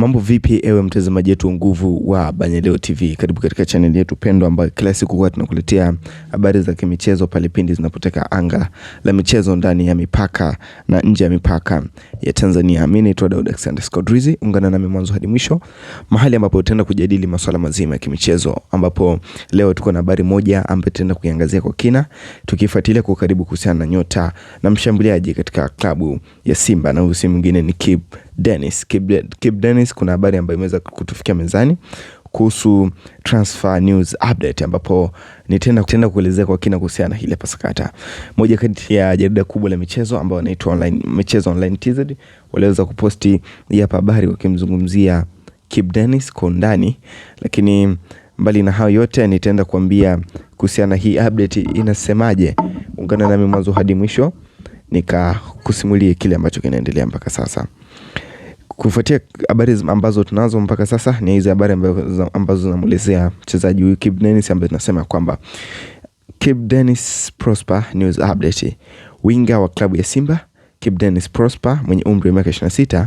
Mambo vipi ewe mtazamaji wetu nguvu wa Banyaleo TV, karibu katika chaneli yetu pendwa ambayo kila siku huwa tunakuletea habari za kimichezo pale pindi zinapoteka anga la michezo ndani ya mipaka na nje ya mipaka ya Tanzania. Mimi naitwa Daud Alexander Skodrizi, ungana nami mwanzo hadi mwisho, mahali ambapo tutaenda kujadili masuala mazima ya kimichezo, ambapo leo tuko na habari moja ambayo tutaenda kuiangazia kwa kina, tukifuatilia kwa karibu kuhusiana na nyota na mshambuliaji katika klabu ya Simba na huyu si mwingine ni Kibu Dennis Kip Dennis, kuna habari ambayo imeweza kutufikia mezani kuhusu transfer news update, ambapo nitaenda kuelezea kwa kina kuhusiana ile pasakata. Moja kati ya jarida kubwa la michezo ambao wanaitwa online michezo online TZ waliweza kuposti hapa habari wakimzungumzia Kip Dennis kwa undani, lakini mbali na hayo yote nitaenda kuambia kuhusiana hii update inasemaje. Ungana nami mwanzo hadi mwisho nikakusimulie kile ambacho kinaendelea mpaka sasa. Kufuatia habari ambazo tunazo mpaka sasa ni hizi habari ambazo zinamwelezea mchezaji huyu Kibu Denis, ambayo tunasema kwamba Kibu Denis Prosper news update. Winga wa klabu ya Simba Kibu Denis Prosper mwenye umri wa miaka 26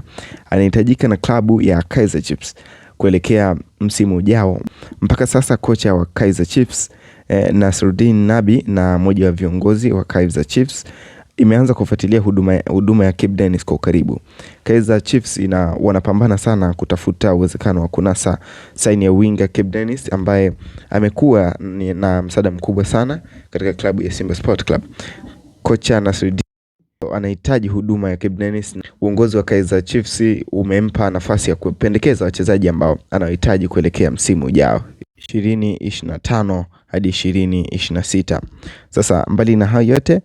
anahitajika na klabu ya Kaizer Chiefs kuelekea msimu ujao. Mpaka sasa kocha wa Kaizer Chiefs eh, Nasruddin Nabi na mmoja wa viongozi wa Kaizer Chiefs imeanza kufuatilia huduma, huduma ya Cape Dennis kwa ukaribu. Kaizer Chiefs ina wanapambana sana kutafuta uwezekano wa kunasa saini ya winga Cape Dennis ambaye amekuwa na msaada mkubwa sana katika klabu ya Simba Sport Club. Kocha na anahitaji huduma ya Cape Dennis. Uongozi wa Kaizer Chiefs umempa nafasi ya kupendekeza wachezaji ambao anahitaji kuelekea msimu ujao 2025 hadi 2026. Sasa mbali na hayo yote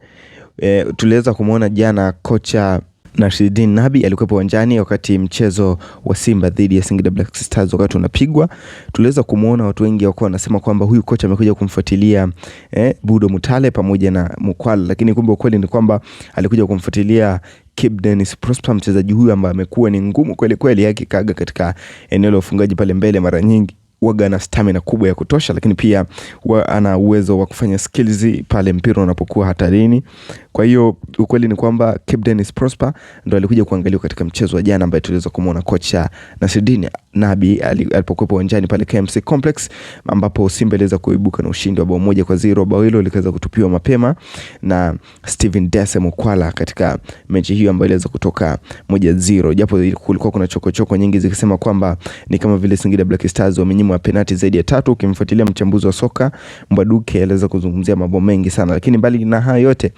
e, tuliweza kumwona jana kocha Nashiddin Nabi alikuwepo uwanjani wakati mchezo wa Simba dhidi ya Singida Black Stars wakati unapigwa, tuliweza kumwona watu wengi wakuwa wanasema kwamba huyu kocha amekuja kumfuatilia eh, Budo Mutale pamoja na Mukwala, lakini kumbe ukweli ni kwamba alikuja kumfuatilia Kibu Prosper, mchezaji huyu ambaye amekuwa ni ngumu kweli kweli, katika eneo la ufungaji pale mbele mara nyingi waga na stamina kubwa ya kutosha, lakini pia wa ana uwezo wa kufanya skills pale mpira unapokuwa hatarini. Kwa hiyo ukweli ni kwamba Dennis Prosper ndo alikuja kuangaliwa katika mchezo wa jana, ambaye tuliweza kumwona kocha Nasreddine Nabi alipokuwepo uwanjani pale KMC Complex, ambapo Simba iliweza kuibuka na ushindi wa bao moja kwa zero. Bao hilo likaweza kutupiwa mapema na Steven Dese Mukwala katika mechi hiyo ambayo iliweza kutoka moja zero, japo kulikuwa kuna chokochoko -choko nyingi zikisema kwamba ni kama vile Singida Black Stars wamenyimwa muhimu wa penati zaidi ya tatu. Ukimfuatilia mchambuzi wa soka Mbwaduke aliweza kuzungumzia mambo mengi sana, lakini mbali na hayo yote,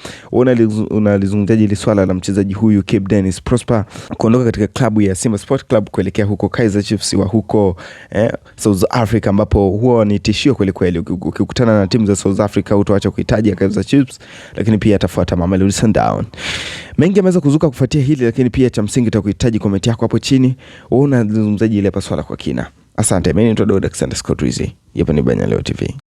unalizungumziaje ile swala la mchezaji huyu Kibu Denis Prosper kuondoka katika klabu ya Simba Sport Club kuelekea huko Kaizer Chiefs wa huko eh, South Africa, ambapo huwa ni tishio kweli kweli. Ukikutana na timu za South Africa utaacha kuhitaji Kaizer Chiefs, lakini pia atafuata Mamelodi Sundowns. Mengi yameweza kuzuka kufuatia hili, lakini pia cha msingi tutakuhitaji komenti yako hapo chini, wewe unazungumzaje ile swala kwa kina. Asante, mimi naitwa Dodax_Twizy. yapo ni Banyaleo TV.